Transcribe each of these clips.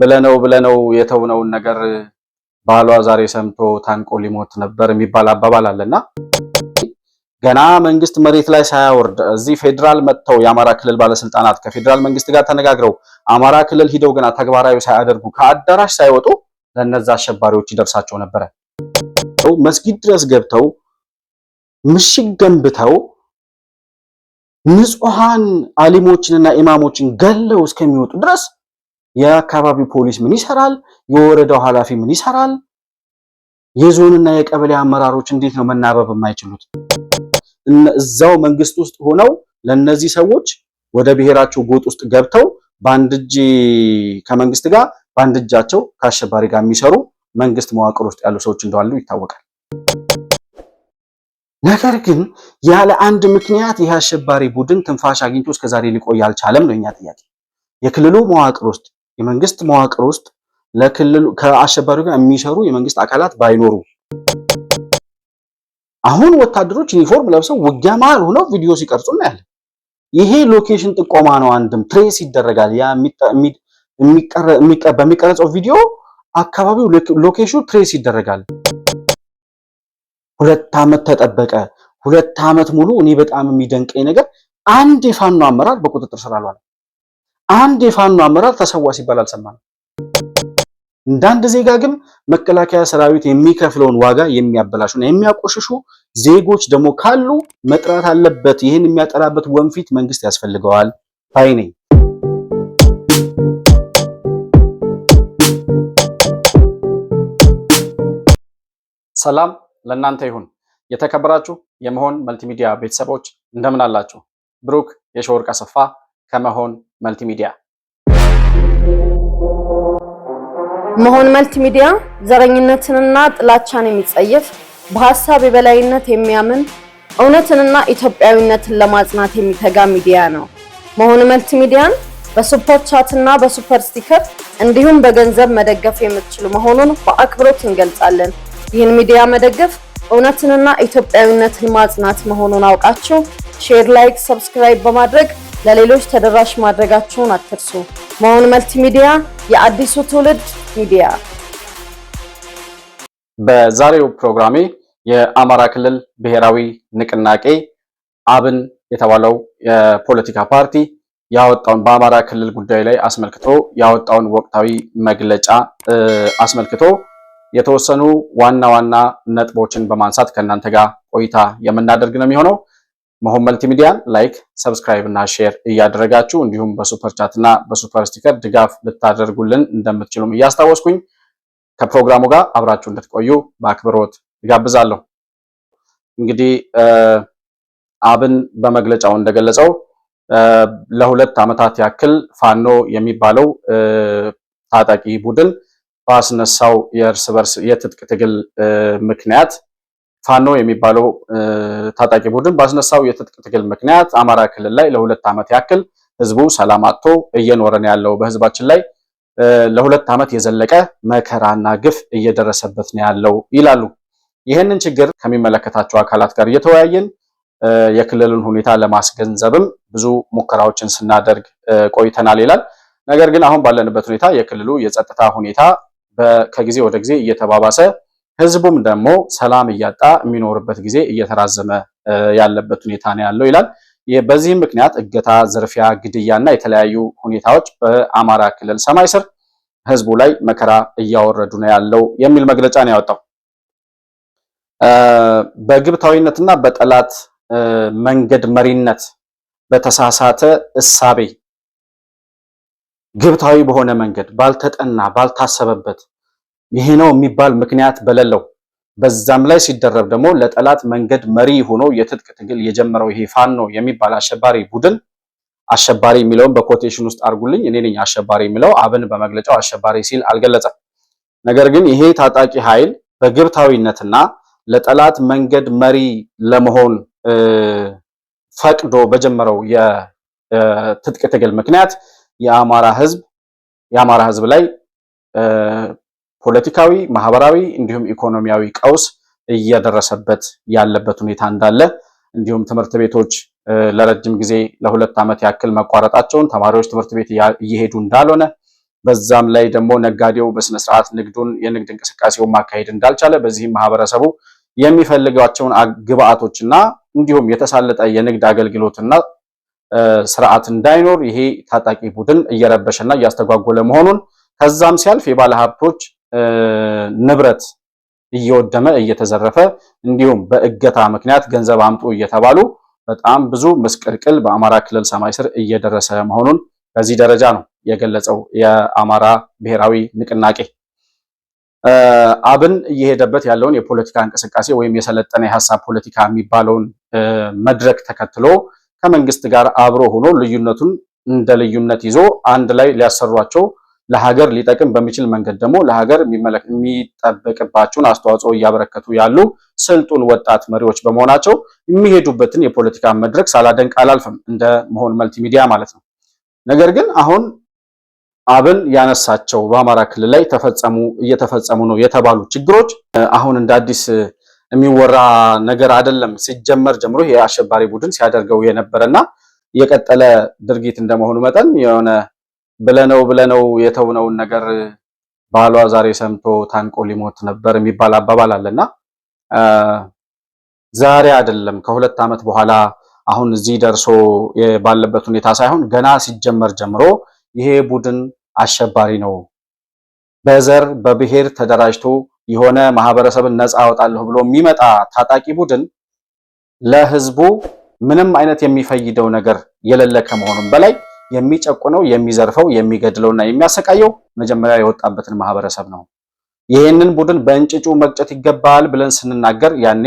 ብለነው ብለነው የተውነውን ነገር ባሏ ዛሬ ሰምቶ ታንቆ ሊሞት ነበር የሚባል አባባል አለና ገና መንግስት መሬት ላይ ሳያወርድ እዚህ ፌዴራል መጥተው የአማራ ክልል ባለስልጣናት ከፌዴራል መንግስት ጋር ተነጋግረው አማራ ክልል ሂደው ገና ተግባራዊ ሳያደርጉ ከአዳራሽ ሳይወጡ ለነዛ አሸባሪዎች ይደርሳቸው ነበረ። መስጊድ ድረስ ገብተው ምሽግ ገንብተው ንጹሃን አሊሞችንና ኢማሞችን ገለው እስከሚወጡ ድረስ የአካባቢው ፖሊስ ምን ይሰራል? የወረዳው ኃላፊ ምን ይሰራል? የዞንና የቀበሌ አመራሮች እንዴት ነው መናበብ የማይችሉት? እዛው መንግስት ውስጥ ሆነው ለነዚህ ሰዎች ወደ ብሔራቸው ጎጥ ውስጥ ገብተው በአንድ እጅ ከመንግስት ጋር በአንድ እጃቸው ከአሸባሪ ጋር የሚሰሩ መንግስት መዋቅር ውስጥ ያሉ ሰዎች እንዳሉ ይታወቃል። ነገር ግን ያለ አንድ ምክንያት ይህ አሸባሪ ቡድን ትንፋሽ አግኝቶ እስከዛሬ ሊቆይ አልቻለም ነው እኛ ጥያቄ። የክልሉ መዋቅር ውስጥ የመንግስት መዋቅር ውስጥ ለክልሉ ከአሸባሪው ጋር የሚሰሩ የመንግስት አካላት ባይኖሩ አሁን ወታደሮች ዩኒፎርም ለብሰው ውጊያ መሃል ሆነው ቪዲዮ ሲቀርጹ እናያለን። ይሄ ሎኬሽን ጥቆማ ነው። አንድም ትሬስ ይደረጋል። ያ በሚቀረጸው ቪዲዮ አካባቢው ሎኬሽኑ ትሬስ ይደረጋል። ሁለት ዓመት ተጠበቀ። ሁለት ዓመት ሙሉ እኔ በጣም የሚደንቀኝ ነገር አንድ የፋኖ አመራር በቁጥጥር ስር አልዋለም። አንድ የፋኖ አመራር ተሰዋ ሲባል አልሰማንም። እንደ አንድ ዜጋ ግን መከላከያ ሰራዊት የሚከፍለውን ዋጋ የሚያበላሹና የሚያቆሽሹ ዜጎች ደግሞ ካሉ መጥራት አለበት። ይህን የሚያጠራበት ወንፊት መንግስት ያስፈልገዋል ባይ ነኝ። ሰላም ለእናንተ ይሁን። የተከበራችሁ የመሆን መልቲሚዲያ ቤተሰቦች እንደምን አላችሁ? ብሩክ የሸወርቅ አሰፋ ከመሆን መልቲሚዲያ መሆን መልቲሚዲያ ዘረኝነትንና ጥላቻን የሚጸየፍ በሀሳብ የበላይነት የሚያምን እውነትንና ኢትዮጵያዊነትን ለማጽናት የሚተጋ ሚዲያ ነው። መሆን መልቲሚዲያን በሱፐር ቻት እና በሱፐር ስቲከር እንዲሁም በገንዘብ መደገፍ የምትችሉ መሆኑን በአክብሮት እንገልጻለን። ይህን ሚዲያ መደገፍ እውነትንና ኢትዮጵያዊነትን ማጽናት መሆኑን አውቃችሁ ሼር፣ ላይክ፣ ሰብስክራይብ በማድረግ ለሌሎች ተደራሽ ማድረጋቸውን አትርሱ። መሆን መልቲሚዲያ የአዲሱ ትውልድ ሚዲያ። በዛሬው ፕሮግራሜ የአማራ ክልል ብሔራዊ ንቅናቄ አብን የተባለው የፖለቲካ ፓርቲ ያወጣውን በአማራ ክልል ጉዳይ ላይ አስመልክቶ ያወጣውን ወቅታዊ መግለጫ አስመልክቶ የተወሰኑ ዋና ዋና ነጥቦችን በማንሳት ከእናንተ ጋር ቆይታ የምናደርግ ነው የሚሆነው። መሆን መልቲሚዲያን ላይክ ሰብስክራይብ እና ሼር እያደረጋችሁ እንዲሁም በሱፐር ቻት እና በሱፐር ስቲከር ድጋፍ ልታደርጉልን እንደምትችሉም እያስታወስኩኝ ከፕሮግራሙ ጋር አብራችሁ እንድትቆዩ በአክብሮት ይጋብዛለሁ። እንግዲህ አብን በመግለጫው እንደገለጸው ለሁለት ዓመታት ያክል ፋኖ የሚባለው ታጣቂ ቡድን ባስነሳው የእርስ በርስ የትጥቅ ትግል ምክንያት ፋኖ የሚባለው ታጣቂ ቡድን ባስነሳው የትጥቅ ትግል ምክንያት አማራ ክልል ላይ ለሁለት ዓመት ያክል ህዝቡ ሰላም አጥቶ እየኖረን ያለው በህዝባችን ላይ ለሁለት ዓመት የዘለቀ መከራና ግፍ እየደረሰበት ነው ያለው ይላሉ። ይህንን ችግር ከሚመለከታቸው አካላት ጋር እየተወያየን የክልሉን ሁኔታ ለማስገንዘብም ብዙ ሙከራዎችን ስናደርግ ቆይተናል ይላል። ነገር ግን አሁን ባለንበት ሁኔታ የክልሉ የጸጥታ ሁኔታ ከጊዜ ወደ ጊዜ እየተባባሰ ህዝቡም ደግሞ ሰላም እያጣ የሚኖርበት ጊዜ እየተራዘመ ያለበት ሁኔታ ነው ያለው ይላል። በዚህም ምክንያት እገታ፣ ዝርፊያ፣ እና የተለያዩ ሁኔታዎች በአማራ ክልል ሰማይ ስር ህዝቡ ላይ መከራ እያወረዱ ነው ያለው የሚል መግለጫ ነው ያወጣው። በግብታዊነትና በጠላት መንገድ መሪነት በተሳሳተ እሳቤ ግብታዊ በሆነ መንገድ ባልተጠና ባልታሰበበት ይሄ ነው የሚባል ምክንያት በሌለው በዛም ላይ ሲደረብ ደግሞ ለጠላት መንገድ መሪ ሆኖ የትጥቅ ትግል የጀመረው ይሄ ፋኖ የሚባል አሸባሪ ቡድን አሸባሪ የሚለውን በኮቴሽን ውስጥ አድርጉልኝ። እኔ ነኝ አሸባሪ የሚለው። አብን በመግለጫው አሸባሪ ሲል አልገለጸም። ነገር ግን ይሄ ታጣቂ ኃይል በግብታዊነትና ለጠላት መንገድ መሪ ለመሆን ፈቅዶ በጀመረው የትጥቅ ትግል ምክንያት የአማራ ህዝብ የአማራ ህዝብ ላይ ፖለቲካዊ፣ ማህበራዊ እንዲሁም ኢኮኖሚያዊ ቀውስ እየደረሰበት ያለበት ሁኔታ እንዳለ እንዲሁም ትምህርት ቤቶች ለረጅም ጊዜ ለሁለት ዓመት ያክል መቋረጣቸውን ተማሪዎች ትምህርት ቤት እየሄዱ እንዳልሆነ በዛም ላይ ደግሞ ነጋዴው በስነስርዓት ንግዱን የንግድ እንቅስቃሴውን ማካሄድ እንዳልቻለ በዚህም ማህበረሰቡ የሚፈልጋቸውን ግብአቶችና እንዲሁም የተሳለጠ የንግድ አገልግሎትና ስርዓት እንዳይኖር ይሄ ታጣቂ ቡድን እየረበሸና እያስተጓጎለ መሆኑን ከዛም ሲያልፍ የባለ ሀብቶች ንብረት እየወደመ እየተዘረፈ እንዲሁም በእገታ ምክንያት ገንዘብ አምጡ እየተባሉ በጣም ብዙ ምስቅልቅል በአማራ ክልል ሰማይ ስር እየደረሰ መሆኑን በዚህ ደረጃ ነው የገለጸው የአማራ ብሔራዊ ንቅናቄ። አብን እየሄደበት ያለውን የፖለቲካ እንቅስቃሴ ወይም የሰለጠነ የሀሳብ ፖለቲካ የሚባለውን መድረክ ተከትሎ ከመንግስት ጋር አብሮ ሆኖ ልዩነቱን እንደ ልዩነት ይዞ አንድ ላይ ሊያሰሯቸው ለሀገር ሊጠቅም በሚችል መንገድ ደግሞ ለሀገር የሚጠበቅባቸውን አስተዋጽኦ እያበረከቱ ያሉ ስልጡን ወጣት መሪዎች በመሆናቸው የሚሄዱበትን የፖለቲካ መድረክ ሳላደንቅ አላልፍም፣ እንደ መሆን መልቲሚዲያ ማለት ነው። ነገር ግን አሁን አብን ያነሳቸው በአማራ ክልል ላይ ተፈጸሙ እየተፈጸሙ ነው የተባሉ ችግሮች አሁን እንደ አዲስ የሚወራ ነገር አይደለም። ሲጀመር ጀምሮ የአሸባሪ ቡድን ሲያደርገው የነበረና የቀጠለ ድርጊት እንደመሆኑ መጠን የሆነ ብለነው ብለነው የተውነውን ነገር ባሏ ዛሬ ሰምቶ ታንቆ ሊሞት ነበር የሚባል አባባል አለና ዛሬ አይደለም ከሁለት ዓመት በኋላ አሁን እዚህ ደርሶ ባለበት ሁኔታ ሳይሆን ገና ሲጀመር ጀምሮ ይሄ ቡድን አሸባሪ ነው፣ በዘር በብሔር ተደራጅቶ የሆነ ማህበረሰብን ነፃ አወጣለሁ ብሎ የሚመጣ ታጣቂ ቡድን ለህዝቡ ምንም አይነት የሚፈይደው ነገር የሌለ ከመሆኑም በላይ የሚጨቁነው የሚዘርፈው የሚገድለውና የሚያሰቃየው መጀመሪያ የወጣበትን ማህበረሰብ ነው። ይህንን ቡድን በእንጭጩ መቅጨት ይገባል ብለን ስንናገር ያኔ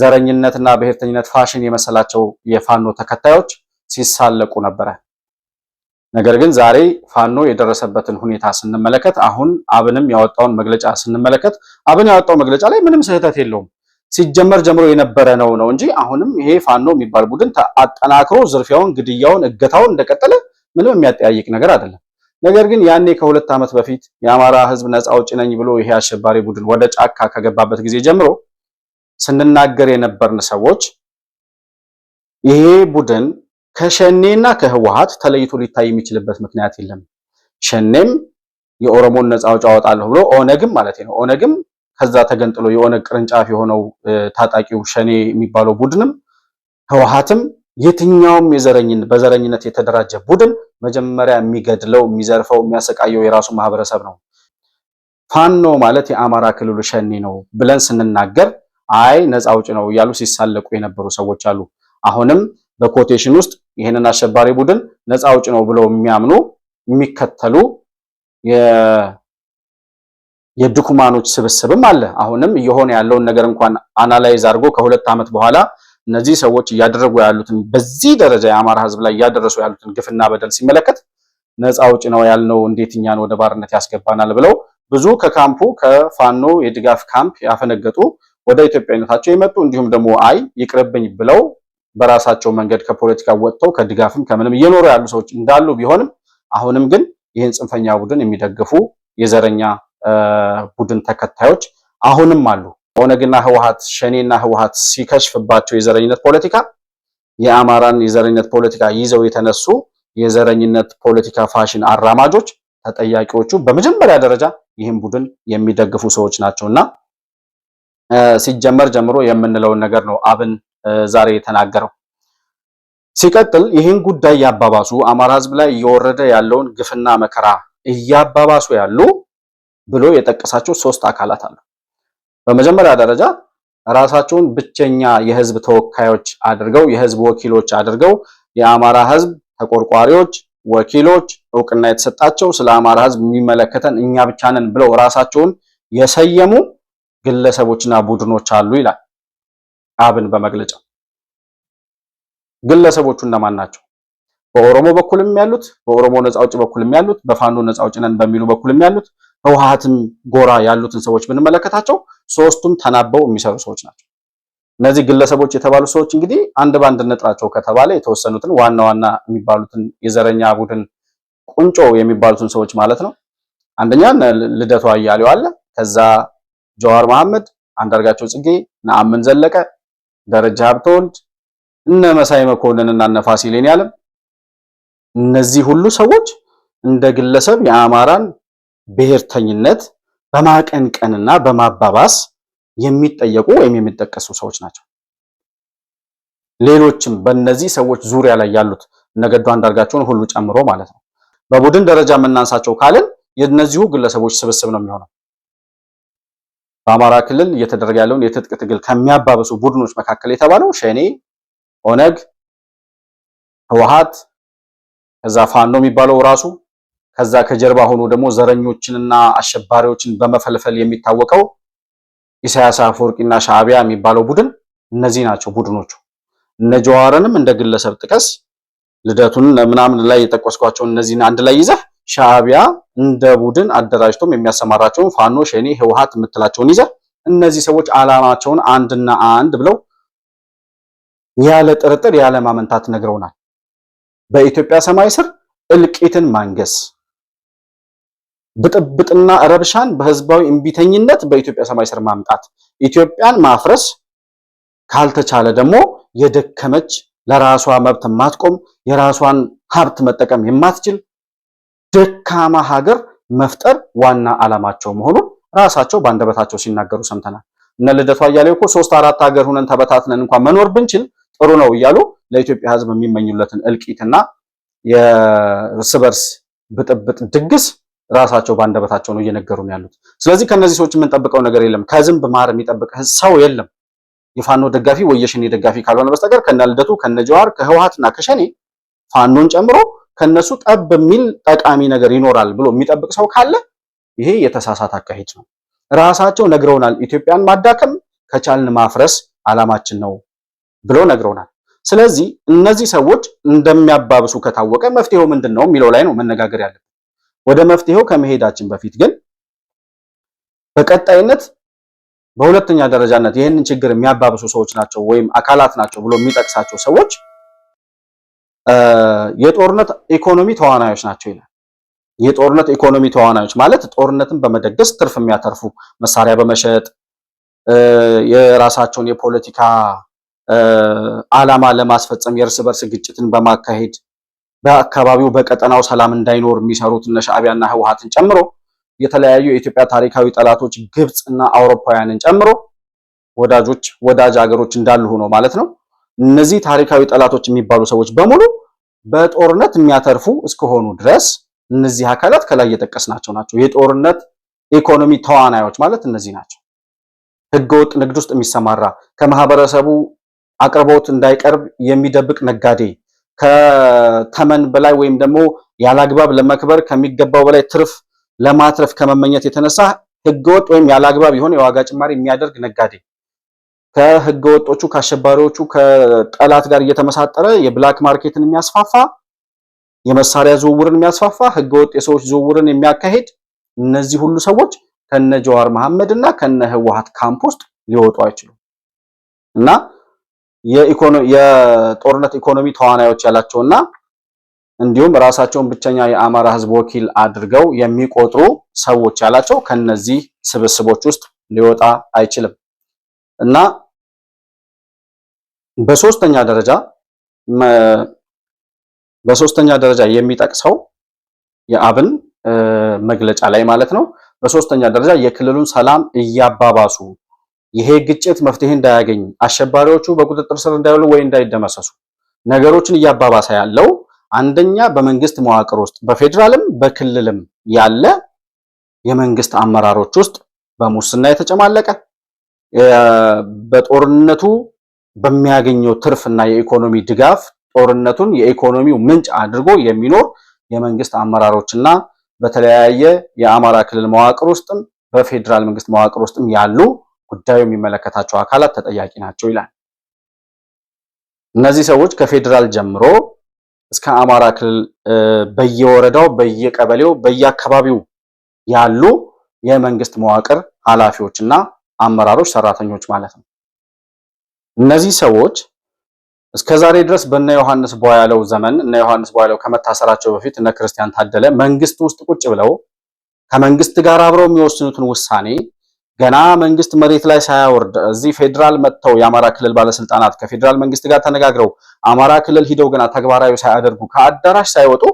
ዘረኝነትና ብሔርተኝነት ፋሽን የመሰላቸው የፋኖ ተከታዮች ሲሳለቁ ነበረ። ነገር ግን ዛሬ ፋኖ የደረሰበትን ሁኔታ ስንመለከት፣ አሁን አብንም ያወጣውን መግለጫ ስንመለከት፣ አብን ያወጣው መግለጫ ላይ ምንም ስህተት የለውም። ሲጀመር ጀምሮ የነበረ ነው ነው እንጂ አሁንም ይሄ ፋኖ የሚባል ቡድን አጠናክሮ ዝርፊያውን፣ ግድያውን፣ እገታውን እንደቀጠለ ምንም የሚያጠያይቅ ነገር አይደለም። ነገር ግን ያኔ ከሁለት ዓመት በፊት የአማራ ሕዝብ ነፃ አውጪ ነኝ ብሎ ይሄ አሸባሪ ቡድን ወደ ጫካ ከገባበት ጊዜ ጀምሮ ስንናገር የነበርን ሰዎች ይሄ ቡድን ከሸኔና ከህወሓት ተለይቶ ሊታይ የሚችልበት ምክንያት የለም። ሸኔም የኦሮሞን ነፃ አውጪ አወጣለሁ ብሎ ኦነግም ማለት ነው ኦነግም ከዛ ተገንጥሎ የኦነግ ቅርንጫፍ የሆነው ታጣቂው ሸኔ የሚባለው ቡድንም ህወሓትም የትኛውም የዘረኝነት በዘረኝነት የተደራጀ ቡድን መጀመሪያ የሚገድለው የሚዘርፈው የሚያሰቃየው የራሱ ማህበረሰብ ነው። ፋኖ ማለት የአማራ ክልሉ ሸኔ ነው ብለን ስንናገር አይ ነፃ አውጭ ነው እያሉ ሲሳለቁ የነበሩ ሰዎች አሉ። አሁንም በኮቴሽን ውስጥ ይህንን አሸባሪ ቡድን ነፃ አውጭ ነው ብለው የሚያምኑ የሚከተሉ የድኩማኖች ስብስብም አለ። አሁንም እየሆነ ያለውን ነገር እንኳን አናላይዝ አድርጎ ከሁለት ዓመት በኋላ እነዚህ ሰዎች እያደረጉ ያሉትን በዚህ ደረጃ የአማራ ሕዝብ ላይ እያደረሱ ያሉትን ግፍና በደል ሲመለከት ነፃ አውጭ ነው ያልነው እንዴት እኛን ወደ ባርነት ያስገባናል ብለው ብዙ ከካምፑ ከፋኖ የድጋፍ ካምፕ ያፈነገጡ ወደ ኢትዮጵያዊነታቸው የመጡ እንዲሁም ደግሞ አይ ይቅርብኝ ብለው በራሳቸው መንገድ ከፖለቲካ ወጥተው ከድጋፍም ከምንም እየኖሩ ያሉ ሰዎች እንዳሉ ቢሆንም አሁንም ግን ይህን ጽንፈኛ ቡድን የሚደግፉ የዘረኛ ቡድን ተከታዮች አሁንም አሉ። ኦነግና ህወሓት ሸኔና ህወሓት ሲከሽፍባቸው የዘረኝነት ፖለቲካ የአማራን የዘረኝነት ፖለቲካ ይዘው የተነሱ የዘረኝነት ፖለቲካ ፋሽን አራማጆች ተጠያቂዎቹ በመጀመሪያ ደረጃ ይህን ቡድን የሚደግፉ ሰዎች ናቸው እና ሲጀመር ጀምሮ የምንለውን ነገር ነው አብን ዛሬ የተናገረው። ሲቀጥል ይህን ጉዳይ ያባባሱ አማራ ህዝብ ላይ እየወረደ ያለውን ግፍና መከራ እያባባሱ ያሉ ብሎ የጠቀሳቸው ሶስት አካላት አሉ። በመጀመሪያ ደረጃ ራሳቸውን ብቸኛ የህዝብ ተወካዮች አድርገው የህዝብ ወኪሎች አድርገው የአማራ ህዝብ ተቆርቋሪዎች፣ ወኪሎች፣ እውቅና የተሰጣቸው ስለ አማራ ህዝብ የሚመለከተን እኛ ብቻ ነን ብለው ራሳቸውን የሰየሙ ግለሰቦችና ቡድኖች አሉ ይላል አብን በመግለጫው። ግለሰቦቹ እነማን ናቸው? በኦሮሞ በኩልም ያሉት፣ በኦሮሞ ነጻ አውጪ በኩልም ያሉት፣ በፋኖ ነጻ አውጪ ነን በሚሉ በኩልም ያሉት ህወሓትም ጎራ ያሉትን ሰዎች ብንመለከታቸው ሶስቱም ተናበው የሚሰሩ ሰዎች ናቸው። እነዚህ ግለሰቦች የተባሉ ሰዎች እንግዲህ አንድ ባንድ ነጥራቸው ከተባለ የተወሰኑትን ዋና ዋና የሚባሉትን የዘረኛ ቡድን ቁንጮ የሚባሉትን ሰዎች ማለት ነው። አንደኛ ልደቱ አያሌው አለ። ከዛ ጀዋር መሐመድ፣ አንዳርጋቸው ጽጌ፣ ነአምን ዘለቀ፣ ደረጃ ሀብተወልድ፣ እነ መሳይ መኮንንና እነ ፋሲሌን ያለም እነዚህ ሁሉ ሰዎች እንደ ግለሰብ የአማራን ብሔርተኝነት በማቀንቀንና በማባባስ የሚጠየቁ ወይም የሚጠቀሱ ሰዎች ናቸው። ሌሎችም በእነዚህ ሰዎች ዙሪያ ላይ ያሉት ነገዱ አንዳርጋቸውን ሁሉ ጨምሮ ማለት ነው። በቡድን ደረጃ የምናንሳቸው ካልን የእነዚሁ ግለሰቦች ስብስብ ነው የሚሆነው። በአማራ ክልል እየተደረገ ያለውን የትጥቅ ትግል ከሚያባብሱ ቡድኖች መካከል የተባለው ሸኔ፣ ኦነግ፣ ህወሓት ከዛ ፋኖ የሚባለው ራሱ ከዛ ከጀርባ ሆኖ ደግሞ ዘረኞችንና አሸባሪዎችን በመፈልፈል የሚታወቀው ኢሳያስ አፈወርቂና ሻዕቢያ የሚባለው ቡድን እነዚህ ናቸው ቡድኖቹ። እነ ጀዋርንም እንደ ግለሰብ ጥቀስ፣ ልደቱን ምናምን ላይ የጠቀስኳቸው እነዚህን አንድ ላይ ይዘህ ሻዕቢያ እንደ ቡድን አደራጅቶም የሚያሰማራቸውን ፋኖ፣ ሸኔ፣ ህወሓት የምትላቸውን ይዘህ እነዚህ ሰዎች አላማቸውን አንድና አንድ ብለው ያለ ጥርጥር ያለ ማመንታት ነግረውናል። በኢትዮጵያ ሰማይ ስር እልቂትን ማንገስ ብጥብጥና ረብሻን በህዝባዊ እምቢተኝነት በኢትዮጵያ ሰማይ ስር ማምጣት፣ ኢትዮጵያን ማፍረስ ካልተቻለ ደግሞ የደከመች ለራሷ መብት የማትቆም የራሷን ሀብት መጠቀም የማትችል ደካማ ሀገር መፍጠር ዋና ዓላማቸው መሆኑን ራሳቸው በአንደበታቸው ሲናገሩ ሰምተናል። እነ ልደቱ አያሌው እኮ ሶስት አራት ሀገር ሁነን ተበታትነን እንኳን መኖር ብንችል ጥሩ ነው እያሉ ለኢትዮጵያ ህዝብ የሚመኙለትን እልቂትና የእርስ በርስ ብጥብጥ ድግስ ራሳቸው ባንደበታቸው ነው እየነገሩን ያሉት። ስለዚህ ከነዚህ ሰዎች የምንጠብቀው ነገር የለም። ከዝንብ ማር የሚጠብቅ ሰው የለም። የፋኖ ደጋፊ ወይ የሸኔ ደጋፊ ካልሆነ በስተቀር ከነልደቱ ከነጀዋር ከህወሓትና ከሸኔ ፋኖን ጨምሮ ከነሱ ጠብ የሚል ጠቃሚ ነገር ይኖራል ብሎ የሚጠብቅ ሰው ካለ ይሄ የተሳሳተ አካሄድ ነው። ራሳቸው ነግረውናል። ኢትዮጵያን ማዳከም ከቻልን ማፍረስ አላማችን ነው ብሎ ነግረውናል። ስለዚህ እነዚህ ሰዎች እንደሚያባብሱ ከታወቀ መፍትሄው ምንድን ነው የሚለው ላይ ነው መነጋገር ያለብን። ወደ መፍትሄው ከመሄዳችን በፊት ግን በቀጣይነት በሁለተኛ ደረጃነት ይህንን ችግር የሚያባብሱ ሰዎች ናቸው ወይም አካላት ናቸው ብሎ የሚጠቅሳቸው ሰዎች የጦርነት ኢኮኖሚ ተዋናዮች ናቸው ይላል። የጦርነት ኢኮኖሚ ተዋናዮች ማለት ጦርነትን በመደገስ ትርፍ የሚያተርፉ መሳሪያ በመሸጥ የራሳቸውን የፖለቲካ ዓላማ ለማስፈጸም የእርስ በርስ ግጭትን በማካሄድ በአካባቢው በቀጠናው ሰላም እንዳይኖር የሚሰሩት እነ ሻዕቢያና ህወሓትን ጨምሮ የተለያዩ የኢትዮጵያ ታሪካዊ ጠላቶች ግብፅ እና አውሮፓውያንን ጨምሮ ወዳጆች ወዳጅ ሀገሮች እንዳሉ ሆኖ ማለት ነው። እነዚህ ታሪካዊ ጠላቶች የሚባሉ ሰዎች በሙሉ በጦርነት የሚያተርፉ እስከሆኑ ድረስ እነዚህ አካላት ከላይ እየጠቀስናቸው ናቸው። የጦርነት ኢኮኖሚ ተዋናዮች ማለት እነዚህ ናቸው። ህገወጥ ንግድ ውስጥ የሚሰማራ ከማህበረሰቡ አቅርቦት እንዳይቀርብ የሚደብቅ ነጋዴ ከተመን በላይ ወይም ደግሞ ያላግባብ ለመክበር ከሚገባው በላይ ትርፍ ለማትረፍ ከመመኘት የተነሳ ህገወጥ ወይም ያላግባብ የሆነ የዋጋ ጭማሪ የሚያደርግ ነጋዴ ከህገወጦቹ ከአሸባሪዎቹ ከጠላት ጋር እየተመሳጠረ የብላክ ማርኬትን የሚያስፋፋ የመሳሪያ ዝውውርን የሚያስፋፋ ህገወጥ የሰዎች ዝውውርን የሚያካሄድ እነዚህ ሁሉ ሰዎች ከነ ጀዋር መሐመድ እና ከነ ህወሓት ካምፕ ውስጥ ሊወጡ አይችሉም እና የጦርነት ኢኮኖሚ ተዋናዮች ያላቸውና እንዲሁም ራሳቸውን ብቸኛ የአማራ ህዝብ ወኪል አድርገው የሚቆጥሩ ሰዎች ያላቸው ከነዚህ ስብስቦች ውስጥ ሊወጣ አይችልም እና በሶስተኛ ደረጃ በሶስተኛ ደረጃ የሚጠቅሰው የአብን መግለጫ ላይ ማለት ነው። በሶስተኛ ደረጃ የክልሉን ሰላም እያባባሱ ይሄ ግጭት መፍትሄ እንዳያገኝ አሸባሪዎቹ በቁጥጥር ስር እንዳይውሉ ወይ እንዳይደመሰሱ ነገሮችን እያባባሰ ያለው አንደኛ በመንግስት መዋቅር ውስጥ በፌዴራልም በክልልም ያለ የመንግስት አመራሮች ውስጥ በሙስና የተጨማለቀ በጦርነቱ በሚያገኘው ትርፍና የኢኮኖሚ ድጋፍ ጦርነቱን የኢኮኖሚው ምንጭ አድርጎ የሚኖር የመንግስት አመራሮችና በተለያየ የአማራ ክልል መዋቅር ውስጥም በፌዴራል መንግስት መዋቅር ውስጥም ያሉ ጉዳዩ የሚመለከታቸው አካላት ተጠያቂ ናቸው ይላል። እነዚህ ሰዎች ከፌዴራል ጀምሮ እስከ አማራ ክልል በየወረዳው፣ በየቀበሌው፣ በየአካባቢው ያሉ የመንግስት መዋቅር ኃላፊዎችና አመራሮች፣ ሰራተኞች ማለት ነው። እነዚህ ሰዎች እስከ ዛሬ ድረስ በእነ ዮሐንስ ቧያለው ዘመን እነ ዮሐንስ ቧያለው ከመታሰራቸው በፊት እነ ክርስቲያን ታደለ መንግስት ውስጥ ቁጭ ብለው ከመንግስት ጋር አብረው የሚወስኑትን ውሳኔ ገና መንግስት መሬት ላይ ሳያወርድ እዚህ ፌዴራል መጥተው የአማራ ክልል ባለስልጣናት ከፌዴራል መንግስት ጋር ተነጋግረው አማራ ክልል ሂደው ገና ተግባራዊ ሳያደርጉ ከአዳራሽ ሳይወጡ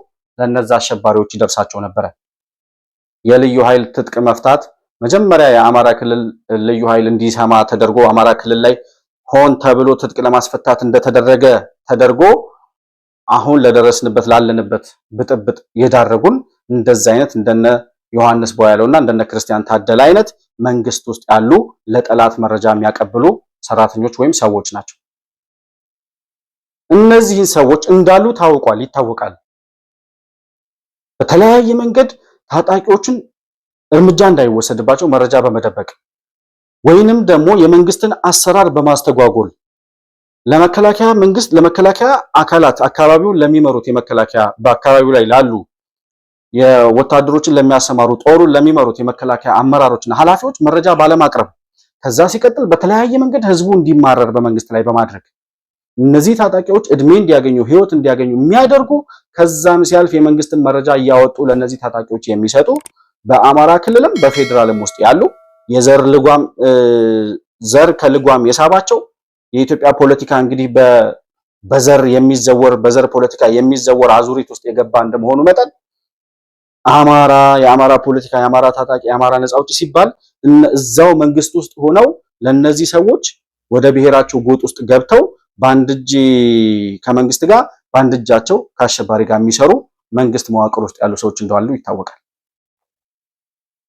ለነዛ አሸባሪዎች ይደርሳቸው ነበረ። የልዩ ኃይል ትጥቅ መፍታት መጀመሪያ የአማራ ክልል ልዩ ኃይል እንዲሰማ ተደርጎ አማራ ክልል ላይ ሆን ተብሎ ትጥቅ ለማስፈታት እንደተደረገ ተደርጎ አሁን ለደረስንበት ላለንበት ብጥብጥ የዳረጉን እንደዛ አይነት እንደነ ዮሐንስ ቦያለውና እንደነ ክርስቲያን ታደለ አይነት መንግስት ውስጥ ያሉ ለጠላት መረጃ የሚያቀብሉ ሰራተኞች ወይም ሰዎች ናቸው። እነዚህን ሰዎች እንዳሉ ታውቋል፣ ይታወቃል። በተለያየ መንገድ ታጣቂዎችን እርምጃ እንዳይወሰድባቸው መረጃ በመደበቅ ወይንም ደግሞ የመንግስትን አሰራር በማስተጓጎል ለመከላከያ መንግስት ለመከላከያ አካላት አካባቢውን ለሚመሩት የመከላከያ በአካባቢው ላይ ላሉ የወታደሮችን ለሚያሰማሩ ጦሩን ለሚመሩት የመከላከያ አመራሮችና ኃላፊዎች መረጃ ባለማቅረብ ከዛ ሲቀጥል በተለያየ መንገድ ህዝቡ እንዲማረር በመንግስት ላይ በማድረግ እነዚህ ታጣቂዎች እድሜ እንዲያገኙ ህይወት እንዲያገኙ የሚያደርጉ ከዛም ሲያልፍ የመንግስትን መረጃ እያወጡ ለእነዚህ ታጣቂዎች የሚሰጡ በአማራ ክልልም በፌዴራልም ውስጥ ያሉ የዘር ልጓም ዘር ከልጓም የሳባቸው የኢትዮጵያ ፖለቲካ እንግዲህ በዘር የሚዘወር በዘር ፖለቲካ የሚዘወር አዙሪት ውስጥ የገባ እንደመሆኑ መጠን አማራ የአማራ ፖለቲካ የአማራ ታጣቂ የአማራ ነጻ አውጪ ሲባል እዛው መንግስት ውስጥ ሆነው ለነዚህ ሰዎች ወደ ብሔራቸው ጎጥ ውስጥ ገብተው በአንድ እጅ ከመንግስት ጋር በአንድ እጃቸው ከአሸባሪ ጋር የሚሰሩ መንግስት መዋቅር ውስጥ ያሉ ሰዎች እንዳሉ ይታወቃል።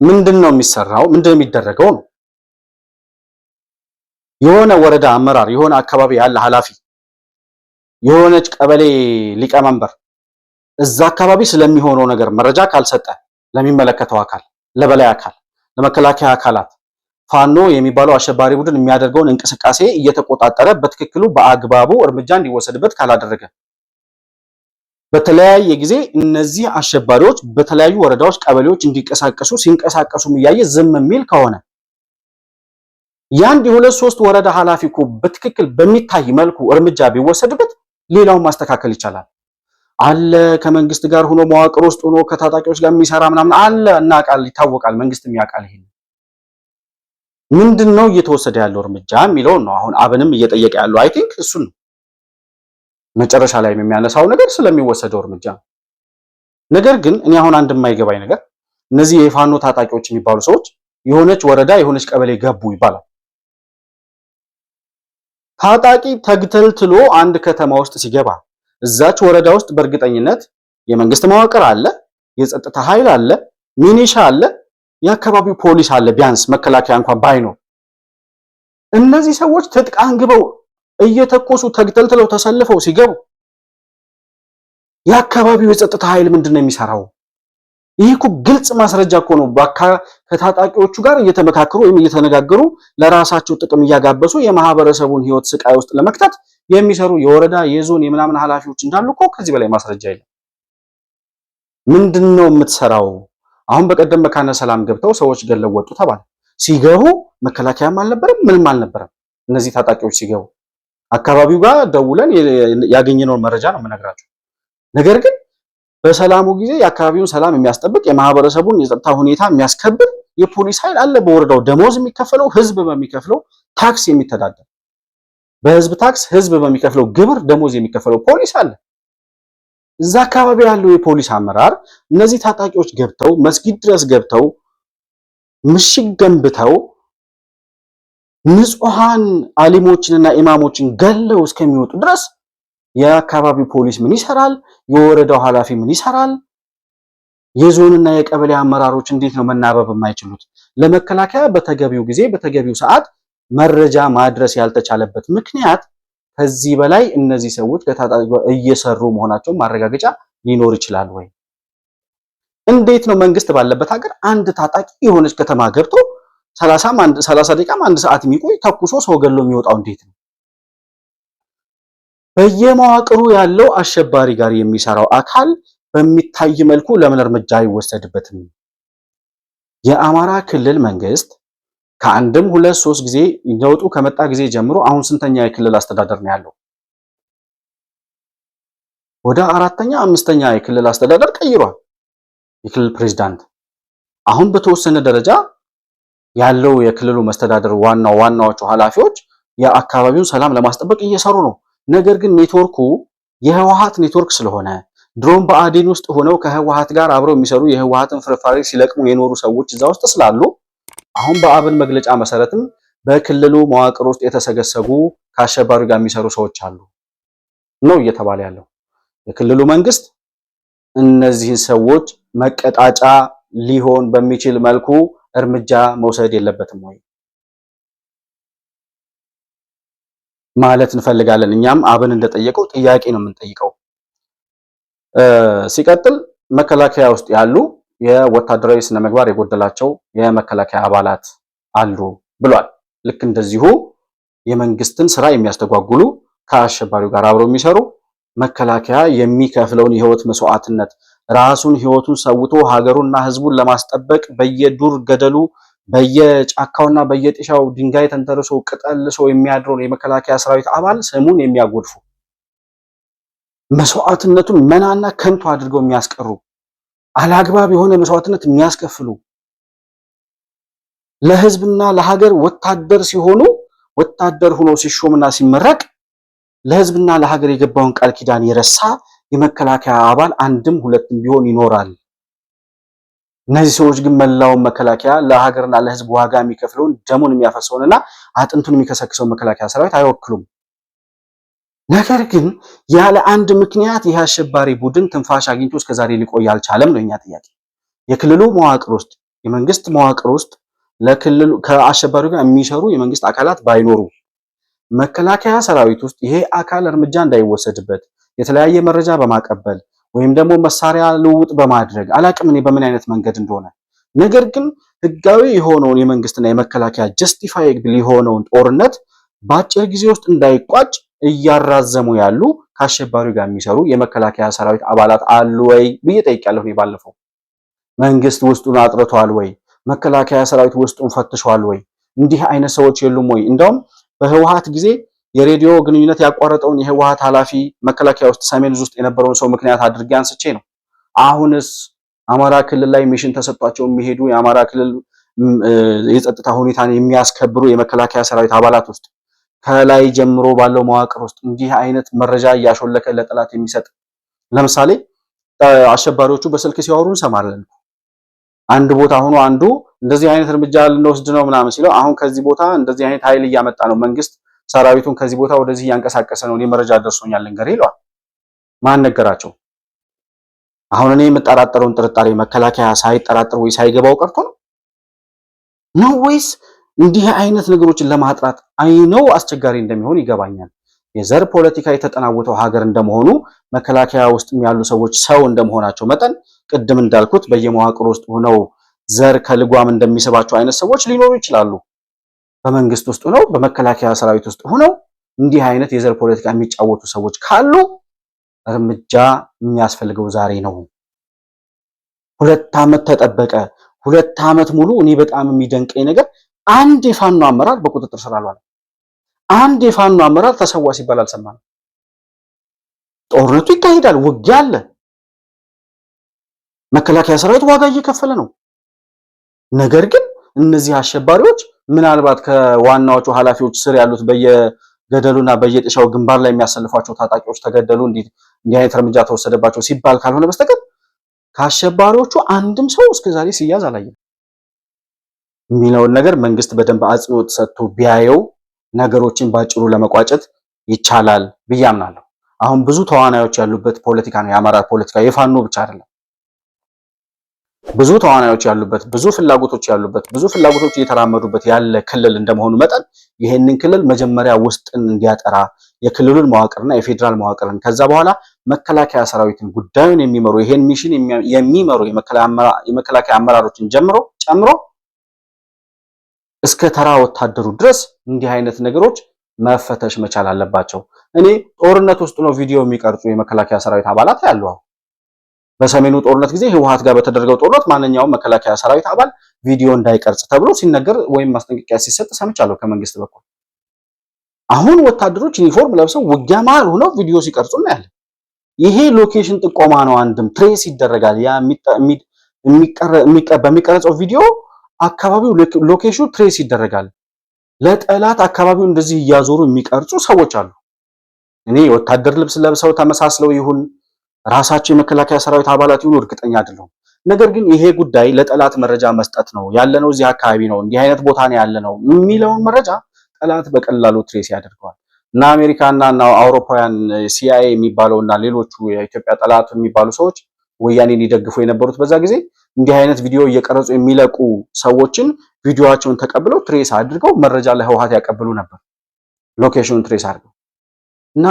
ምንድን ነው የሚሰራው? ምንድን ነው የሚደረገው ነው የሆነ ወረዳ አመራር፣ የሆነ አካባቢ ያለ ኃላፊ፣ የሆነች ቀበሌ ሊቀመንበር እዛ አካባቢ ስለሚሆነው ነገር መረጃ ካልሰጠ ለሚመለከተው አካል፣ ለበላይ አካል፣ ለመከላከያ አካላት ፋኖ የሚባለው አሸባሪ ቡድን የሚያደርገውን እንቅስቃሴ እየተቆጣጠረ በትክክሉ በአግባቡ እርምጃ እንዲወሰድበት ካላደረገ በተለያየ ጊዜ እነዚህ አሸባሪዎች በተለያዩ ወረዳዎች፣ ቀበሌዎች እንዲንቀሳቀሱ ሲንቀሳቀሱም እያየ ዝም የሚል ከሆነ የአንድ የሁለት ሶስት ወረዳ ኃላፊ እኮ በትክክል በሚታይ መልኩ እርምጃ ቢወሰድበት ሌላውን ማስተካከል ይቻላል። አለ ከመንግስት ጋር ሆኖ መዋቅር ውስጥ ሆኖ ከታጣቂዎች ጋር የሚሰራ ምናምን አለ እና ቃል ይታወቃል። መንግስትም ያውቃል። ይሄን ምንድን ነው እየተወሰደ ያለው እርምጃ የሚለውን ነው አሁን አብንም እየጠየቀ ያለው። አይ ቲንክ እሱን ነው መጨረሻ ላይ የሚያነሳው ነገር ስለሚወሰደው እርምጃ ነው። ነገር ግን እኔ አሁን አንድ የማይገባኝ ነገር እነዚህ የፋኖ ታጣቂዎች የሚባሉ ሰዎች የሆነች ወረዳ የሆነች ቀበሌ ገቡ ይባላል። ታጣቂ ተግተልትሎ አንድ ከተማ ውስጥ ሲገባ እዛች ወረዳ ውስጥ በእርግጠኝነት የመንግስት መዋቅር አለ፣ የጸጥታ ኃይል አለ፣ ሚኒሻ አለ፣ የአካባቢው ፖሊስ አለ፣ ቢያንስ መከላከያ እንኳን ባይኖር እነዚህ ሰዎች ትጥቅ አንግበው እየተኮሱ ተግተልትለው ተሰልፈው ሲገቡ የአካባቢው የጸጥታ ኃይል ምንድን ነው የሚሰራው? ይህ እኮ ግልጽ ማስረጃ እኮ ነው። ከታጣቂዎቹ ጋር እየተመካከሩ ወይም እየተነጋገሩ ለራሳቸው ጥቅም እያጋበሱ የማህበረሰቡን ህይወት ስቃይ ውስጥ ለመክተት የሚሰሩ የወረዳ የዞን የምናምን ኃላፊዎች እንዳሉ እኮ ከዚህ በላይ ማስረጃ የለም። ምንድን ነው የምትሰራው? አሁን በቀደም መካነ ሰላም ገብተው ሰዎች ገለው ወጡ ተባለ። ሲገቡ መከላከያም አልነበረም ምንም አልነበረም። እነዚህ ታጣቂዎች ሲገቡ አካባቢው ጋር ደውለን ያገኘነውን መረጃ ነው የምነግራቸው። ነገር ግን በሰላሙ ጊዜ የአካባቢውን ሰላም የሚያስጠብቅ የማህበረሰቡን የጸጥታ ሁኔታ የሚያስከብር የፖሊስ ኃይል አለ። በወረዳው ደሞዝ የሚከፈለው ህዝብ በሚከፍለው ታክስ የሚተዳደር በህዝብ ታክስ ህዝብ በሚከፍለው ግብር ደሞዝ የሚከፈለው ፖሊስ አለ። እዛ አካባቢ ያለው የፖሊስ አመራር እነዚህ ታጣቂዎች ገብተው መስጊድ ድረስ ገብተው ምሽግ ገንብተው ንጹሐን አሊሞችንና ኢማሞችን ገለው እስከሚወጡ ድረስ የአካባቢው ፖሊስ ምን ይሰራል? የወረዳው ኃላፊ ምን ይሰራል? የዞንና የቀበሌ አመራሮች እንዴት ነው መናበብ የማይችሉት? ለመከላከያ በተገቢው ጊዜ በተገቢው ሰዓት መረጃ ማድረስ ያልተቻለበት ምክንያት ከዚህ በላይ እነዚህ ሰዎች ከታጣቂ እየሰሩ መሆናቸውን ማረጋገጫ ሊኖር ይችላል ወይ? እንዴት ነው መንግስት ባለበት ሀገር አንድ ታጣቂ የሆነች ከተማ ገብቶ ሰላሳ ደቂቃም አንድ ሰዓት የሚቆይ ተኩሶ ሰው ገሎ የሚወጣው እንዴት ነው? በየመዋቅሩ ያለው አሸባሪ ጋር የሚሰራው አካል በሚታይ መልኩ ለምን እርምጃ አይወሰድበትም? የአማራ ክልል መንግስት ከአንድም ሁለት ሶስት ጊዜ ለውጡ ከመጣ ጊዜ ጀምሮ አሁን ስንተኛ የክልል አስተዳደር ነው ያለው? ወደ አራተኛ አምስተኛ የክልል አስተዳደር ቀይሯል የክልል ፕሬዝዳንት። አሁን በተወሰነ ደረጃ ያለው የክልሉ መስተዳደር ዋና ዋናዎቹ ኃላፊዎች የአካባቢውን ሰላም ለማስጠበቅ እየሰሩ ነው። ነገር ግን ኔትወርኩ የህወሓት ኔትወርክ ስለሆነ ድሮም በአዴን ውስጥ ሆነው ከህወሓት ጋር አብረው የሚሰሩ የህወሓትን ፍርፋሪ ሲለቅሙ የኖሩ ሰዎች እዛ ውስጥ ስላሉ አሁን በአብን መግለጫ መሰረትም በክልሉ መዋቅር ውስጥ የተሰገሰጉ ከአሸባሪ ጋር የሚሰሩ ሰዎች አሉ ነው እየተባለ ያለው። የክልሉ መንግስት እነዚህን ሰዎች መቀጣጫ ሊሆን በሚችል መልኩ እርምጃ መውሰድ የለበትም ወይ ማለት እንፈልጋለን። እኛም አብን እንደጠየቀው ጥያቄ ነው የምንጠይቀው። ሲቀጥል መከላከያ ውስጥ ያሉ የወታደራዊ ስነ ምግባር የጎደላቸው የመከላከያ አባላት አሉ ብሏል። ልክ እንደዚሁ የመንግስትን ስራ የሚያስተጓጉሉ ከአሸባሪው ጋር አብረው የሚሰሩ መከላከያ የሚከፍለውን የህይወት መስዋዕትነት ራሱን ህይወቱን ሰውቶ ሀገሩንና ህዝቡን ለማስጠበቅ በየዱር ገደሉ በየጫካውና በየጤሻው ድንጋይ ተንተርሶ ቅጠልሶ የሚያድረውን የመከላከያ ሰራዊት አባል ስሙን የሚያጎድፉ መስዋዕትነቱን መናና ከንቱ አድርገው የሚያስቀሩ አላግባብ የሆነ መስዋዕትነት የሚያስከፍሉ ለህዝብና ለሀገር ወታደር ሲሆኑ ወታደር ሆኖ ሲሾምና ሲመረቅ ለህዝብና ለሀገር የገባውን ቃል ኪዳን የረሳ የመከላከያ አባል አንድም ሁለትም ቢሆን ይኖራል። እነዚህ ሰዎች ግን መላውን መከላከያ ለሀገርና ለህዝብ ዋጋ የሚከፍለውን ደሙን የሚያፈሰውንና አጥንቱን የሚከሰክሰውን መከላከያ ሰራዊት አይወክሉም። ነገር ግን ያለ አንድ ምክንያት ይህ አሸባሪ ቡድን ትንፋሽ አግኝቶ እስከዛሬ ሊቆይ አልቻለም ነው እኛ ጥያቄ። የክልሉ መዋቅር ውስጥ የመንግስት መዋቅር ውስጥ ለክልሉ ከአሸባሪው ጋር የሚሰሩ የመንግስት አካላት ባይኖሩ መከላከያ ሰራዊት ውስጥ ይሄ አካል እርምጃ እንዳይወሰድበት የተለያየ መረጃ በማቀበል ወይም ደግሞ መሳሪያ ልውውጥ በማድረግ አላቅም እኔ በምን አይነት መንገድ እንደሆነ ነገር ግን ህጋዊ የሆነውን የመንግስትና የመከላከያ ጀስቲፋይ የሆነውን ጦርነት በአጭር ጊዜ ውስጥ እንዳይቋጭ እያራዘሙ ያሉ ከአሸባሪው ጋር የሚሰሩ የመከላከያ ሰራዊት አባላት አሉ ወይ ብዬ ጠይቄያለሁ። እኔ ባለፈው መንግስት ውስጡን አጥርቷል ወይ? መከላከያ ሰራዊት ውስጡን ፈትሿል ወይ? እንዲህ አይነት ሰዎች የሉም ወይ? እንደውም በህወሓት ጊዜ የሬዲዮ ግንኙነት ያቋረጠውን የህወሓት ኃላፊ መከላከያ ውስጥ ሰሜን ውስጥ የነበረውን ሰው ምክንያት አድርጌ አንስቼ ነው። አሁንስ አማራ ክልል ላይ ሚሽን ተሰጥቷቸው የሚሄዱ የአማራ ክልል የጸጥታ ሁኔታን የሚያስከብሩ የመከላከያ ሰራዊት አባላት ውስጥ ከላይ ጀምሮ ባለው መዋቅር ውስጥ እንዲህ አይነት መረጃ እያሾለከ ለጠላት የሚሰጥ ለምሳሌ አሸባሪዎቹ በስልክ ሲያወሩ እንሰማለን። አንድ ቦታ ሆኖ አንዱ እንደዚህ አይነት እርምጃ ልንወስድ ነው ምናምን ሲለው፣ አሁን ከዚህ ቦታ እንደዚህ አይነት ኃይል እያመጣ ነው መንግስት፣ ሰራዊቱን ከዚህ ቦታ ወደዚህ እያንቀሳቀሰ ነው፣ እኔ መረጃ ደርሶኛል ልንገርህ ይለዋል። ማን ነገራቸው? አሁን እኔ የምጠራጠረውን ጥርጣሬ መከላከያ ሳይጠራጥር ወይ ሳይገባው ቀርቶ ነው ነው ወይስ እንዲህ አይነት ነገሮችን ለማጥራት አይነው አስቸጋሪ እንደሚሆን ይገባኛል። የዘር ፖለቲካ የተጠናወተው ሀገር እንደመሆኑ መከላከያ ውስጥም ያሉ ሰዎች ሰው እንደመሆናቸው መጠን ቅድም እንዳልኩት በየመዋቅር ውስጥ ሆነው ዘር ከልጓም እንደሚስባቸው አይነት ሰዎች ሊኖሩ ይችላሉ። በመንግስት ውስጥ ሆነው በመከላከያ ሰራዊት ውስጥ ሆነው እንዲህ አይነት የዘር ፖለቲካ የሚጫወቱ ሰዎች ካሉ እርምጃ የሚያስፈልገው ዛሬ ነው። ሁለት ዓመት ተጠበቀ። ሁለት ዓመት ሙሉ እኔ በጣም የሚደንቀኝ ነገር አንድ የፋኖ አመራር በቁጥጥር ስር አልዋለም። አንድ የፋኖ አመራር ተሰዋ ሲባል አልሰማንም። ጦርነቱ ይካሄዳል፣ ውጊያ አለ። መከላከያ ሰራዊት ዋጋ እየከፈለ ነው። ነገር ግን እነዚህ አሸባሪዎች ምናልባት ከዋናዎቹ ኃላፊዎች ስር ያሉት በየገደሉና በየጥሻው ግንባር ላይ የሚያሰልፏቸው ታጣቂዎች ተገደሉ፣ እንዲህ አይነት እርምጃ ተወሰደባቸው ሲባል ካልሆነ በስተቀር ከአሸባሪዎቹ አንድም ሰው እስከዛሬ ሲያዝ አላየም። የሚለውን ነገር መንግስት በደንብ አጽንኦት ሰጥቶ ቢያየው ነገሮችን ባጭሩ ለመቋጨት ይቻላል ብዬ አምናለሁ። አሁን ብዙ ተዋናዮች ያሉበት ፖለቲካ ነው የአማራ ፖለቲካ፣ የፋኖ ብቻ አይደለም። ብዙ ተዋናዮች ያሉበት፣ ብዙ ፍላጎቶች ያሉበት፣ ብዙ ፍላጎቶች እየተራመዱበት ያለ ክልል እንደመሆኑ መጠን ይህንን ክልል መጀመሪያ ውስጥን እንዲያጠራ የክልሉን መዋቅርና የፌዴራል መዋቅርን ከዛ በኋላ መከላከያ ሰራዊትን ጉዳዩን የሚመሩ ይሄን ሚሽን የሚመሩ የመከላከያ አመራሮችን ጀምሮ ጨምሮ እስከ ተራ ወታደሩ ድረስ እንዲህ አይነት ነገሮች መፈተሽ መቻል አለባቸው። እኔ ጦርነት ውስጥ ነው ቪዲዮ የሚቀርጹ የመከላከያ ሰራዊት አባላት ያሉ። በሰሜኑ ጦርነት ጊዜ ህወሓት ጋር በተደረገው ጦርነት ማንኛውም መከላከያ ሰራዊት አባል ቪዲዮ እንዳይቀርጽ ተብሎ ሲነገር ወይም ማስጠንቀቂያ ሲሰጥ ሰምቻለሁ ከመንግስት በኩል። አሁን ወታደሮች ዩኒፎርም ለብሰው ውጊያ መሃል ሆነው ቪዲዮ ሲቀርጹ እናያለን። ይሄ ሎኬሽን ጥቆማ ነው። አንድም ትሬስ ይደረጋል። ያ በሚቀረጸው ቪዲዮ አካባቢው ሎኬሽኑ ትሬስ ይደረጋል። ለጠላት አካባቢው እንደዚህ እያዞሩ የሚቀርጹ ሰዎች አሉ። እኔ ወታደር ልብስ ለብሰው ተመሳስለው ይሁን ራሳቸው የመከላከያ ሰራዊት አባላት ይሁኑ እርግጠኛ አይደለሁም። ነገር ግን ይሄ ጉዳይ ለጠላት መረጃ መስጠት ነው። ያለነው እዚህ አካባቢ ነው፣ እንዲህ አይነት ቦታ ነው ያለነው የሚለውን መረጃ ጠላት በቀላሉ ትሬስ ያደርገዋል። እና አሜሪካና እና አውሮፓውያን ሲአይኤ የሚባለው እና ሌሎቹ የኢትዮጵያ ጠላት የሚባሉ ሰዎች ወያኔን ይደግፉ የነበሩት በዛ ጊዜ እንዲህ አይነት ቪዲዮ እየቀረጹ የሚለቁ ሰዎችን ቪዲዮዋቸውን ተቀብለው ትሬስ አድርገው መረጃ ለህወሓት ያቀብሉ ነበር። ሎኬሽኑን ትሬስ አድርገው እና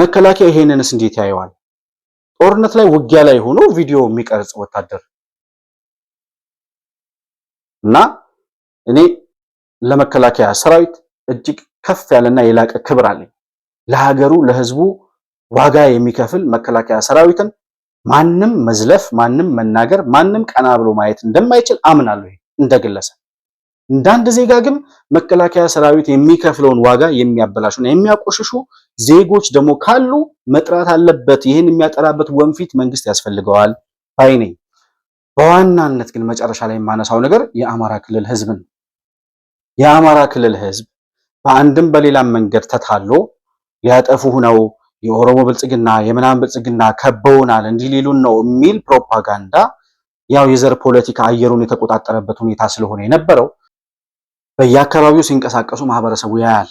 መከላከያ ይሄንንስ እንዴት ያየዋል? ጦርነት ላይ ውጊያ ላይ ሆኖ ቪዲዮ የሚቀርጽ ወታደር እና እኔ ለመከላከያ ሰራዊት እጅግ ከፍ ያለና የላቀ ክብር አለኝ። ለሀገሩ ለህዝቡ ዋጋ የሚከፍል መከላከያ ሰራዊትን ማንም መዝለፍ፣ ማንም መናገር፣ ማንም ቀና ብሎ ማየት እንደማይችል አምናለሁ እንደግለሰብ። እንደ አንድ ዜጋ ግን መከላከያ ሰራዊት የሚከፍለውን ዋጋ የሚያበላሹና የሚያቆሽሹ ዜጎች ደግሞ ካሉ መጥራት አለበት። ይህን የሚያጠራበት ወንፊት መንግስት ያስፈልገዋል ባይ ነኝ። በዋናነት ግን መጨረሻ ላይ የማነሳው ነገር የአማራ ክልል ህዝብ ነው። የአማራ ክልል ህዝብ በአንድም በሌላም መንገድ ተታሎ ሊያጠፉህ ነው የኦሮሞ ብልጽግና የምናምን ብልጽግና ከበውናል እንዲህ ሊሉን ነው የሚል ፕሮፓጋንዳ ያው የዘር ፖለቲካ አየሩን የተቆጣጠረበት ሁኔታ ስለሆነ የነበረው በየአካባቢው ሲንቀሳቀሱ ማህበረሰቡ ያያል።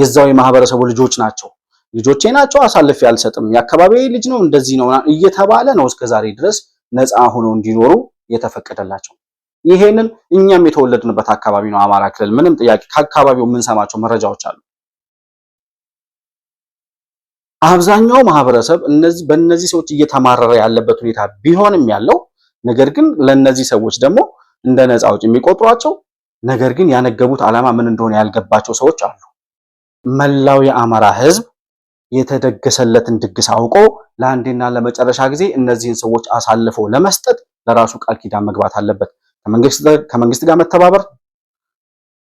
የዛው የማህበረሰቡ ልጆች ናቸው ልጆቼ ናቸው አሳልፌ አልሰጥም፣ የአካባቢ ልጅ ነው እንደዚህ ነው እየተባለ ነው እስከዛሬ ድረስ ነፃ ሆነው እንዲኖሩ የተፈቀደላቸው። ይሄንን እኛም የተወለድንበት አካባቢ ነው አማራ ክልል፣ ምንም ጥያቄ ከአካባቢው የምንሰማቸው መረጃዎች አሉ። አብዛኛው ማህበረሰብ እነዚህ በእነዚህ ሰዎች እየተማረረ ያለበት ሁኔታ ቢሆንም ያለው ነገር ግን ለእነዚህ ሰዎች ደግሞ እንደ ነፃ አውጪ የሚቆጥሯቸው ነገር ግን ያነገቡት ዓላማ ምን እንደሆነ ያልገባቸው ሰዎች አሉ። መላው የአማራ ህዝብ የተደገሰለትን ድግስ አውቆ ለአንዴና ለመጨረሻ ጊዜ እነዚህን ሰዎች አሳልፎ ለመስጠት ለራሱ ቃል ኪዳን መግባት አለበት። ከመንግስት ጋር መተባበር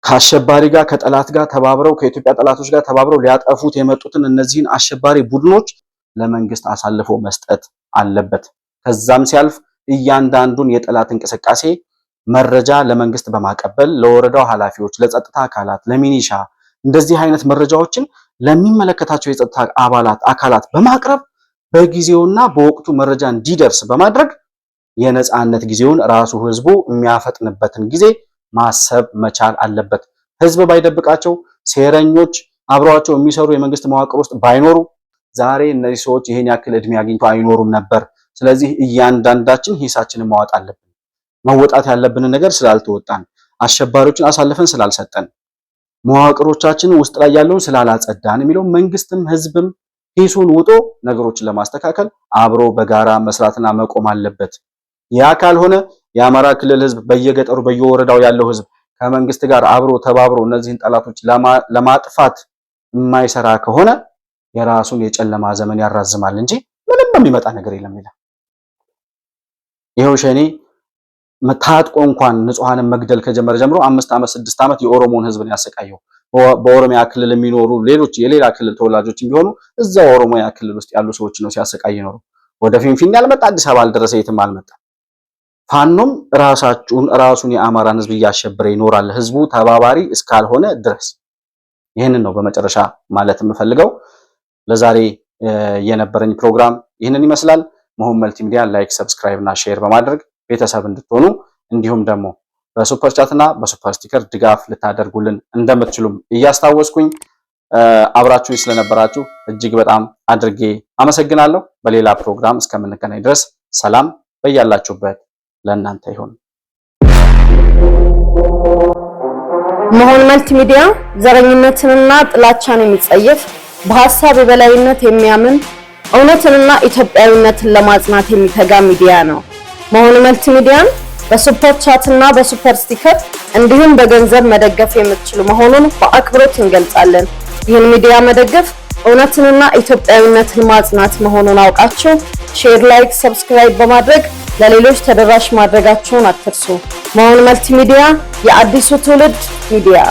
ከአሸባሪ ጋር ከጠላት ጋር ተባብረው ከኢትዮጵያ ጠላቶች ጋር ተባብረው ሊያጠፉት የመጡትን እነዚህን አሸባሪ ቡድኖች ለመንግስት አሳልፎ መስጠት አለበት። ከዛም ሲያልፍ እያንዳንዱን የጠላት እንቅስቃሴ መረጃ ለመንግስት በማቀበል ለወረዳው ኃላፊዎች፣ ለጸጥታ አካላት፣ ለሚኒሻ እንደዚህ አይነት መረጃዎችን ለሚመለከታቸው የጸጥታ አባላት አካላት በማቅረብ በጊዜውና በወቅቱ መረጃ እንዲደርስ በማድረግ የነጻነት ጊዜውን ራሱ ህዝቡ የሚያፈጥንበትን ጊዜ ማሰብ መቻል አለበት። ህዝብ ባይደብቃቸው፣ ሴረኞች አብረዋቸው የሚሰሩ የመንግስት መዋቅር ውስጥ ባይኖሩ ዛሬ እነዚህ ሰዎች ይህን ያክል እድሜ አግኝቶ አይኖሩም ነበር። ስለዚህ እያንዳንዳችን ሂሳችንን ማዋጥ አለብን። መወጣት ያለብንን ነገር ስላልተወጣን፣ አሸባሪዎችን አሳልፈን ስላልሰጠን፣ መዋቅሮቻችን ውስጥ ላይ ያለውን ስላላጸዳን የሚለው መንግስትም ህዝብም ሂሱን ውጦ ነገሮችን ለማስተካከል አብሮ በጋራ መስራትና መቆም አለበት። ያ ካልሆነ የአማራ ክልል ህዝብ በየገጠሩ በየወረዳው ያለው ህዝብ ከመንግስት ጋር አብሮ ተባብሮ እነዚህን ጠላቶች ለማጥፋት የማይሰራ ከሆነ የራሱን የጨለማ ዘመን ያራዝማል እንጂ ምንም የሚመጣ ነገር የለም ይላል። ይኸው ሸኔ ታጥቆ እንኳን ንጹሐንን መግደል ከጀመረ ጀምሮ አምስት ዓመት ስድስት ዓመት የኦሮሞን ህዝብ ነው ያሰቃየው። በኦሮሚያ ክልል የሚኖሩ ሌሎች የሌላ ክልል ተወላጆች ቢሆኑ እዛው ኦሮሞያ ክልል ውስጥ ያሉ ሰዎች ነው ሲያሰቃይ ኖሩ። ወደ ፊንፊኔ ያልመጣ አዲስ አበባ አልደረሰ፣ የትም አልመጣ። ፋኖም ራሳችሁን ራሱን የአማራን ህዝብ እያሸበረ ይኖራል፣ ህዝቡ ተባባሪ እስካልሆነ ድረስ። ይህንን ነው በመጨረሻ ማለት የምፈልገው። ለዛሬ የነበረኝ ፕሮግራም ይህንን ይመስላል። መሆን መልቲሚዲያ ላይክ፣ ሰብስክራይብ እና ሼር በማድረግ ቤተሰብ እንድትሆኑ እንዲሁም ደግሞ በሱፐር ቻት እና በሱፐር ስቲከር ድጋፍ ልታደርጉልን እንደምትችሉም እያስታወስኩኝ አብራችሁ ስለነበራችሁ እጅግ በጣም አድርጌ አመሰግናለሁ። በሌላ ፕሮግራም እስከምንገናኝ ድረስ ሰላም በያላችሁበት ለእናንተ ይሁን። መሆን መልቲሚዲያ ዘረኝነትንና ጥላቻን የሚጸየፍ በሀሳብ የበላይነት የሚያምን እውነትንና ኢትዮጵያዊነትን ለማጽናት የሚተጋ ሚዲያ ነው። መሆን መልቲሚዲያን በሱፐር ቻትና በሱፐር ስቲከር እንዲሁም በገንዘብ መደገፍ የምትችሉ መሆኑን በአክብሮት እንገልጻለን። ይህን ሚዲያ መደገፍ እውነትንና ኢትዮጵያዊነትን ማጽናት መሆኑን አውቃችሁ ሼር፣ ላይክ፣ ሰብስክራይብ በማድረግ ለሌሎች ተደራሽ ማድረጋችሁን አትርሱ። መሆን መልቲሚዲያ የአዲሱ ትውልድ ሚዲያ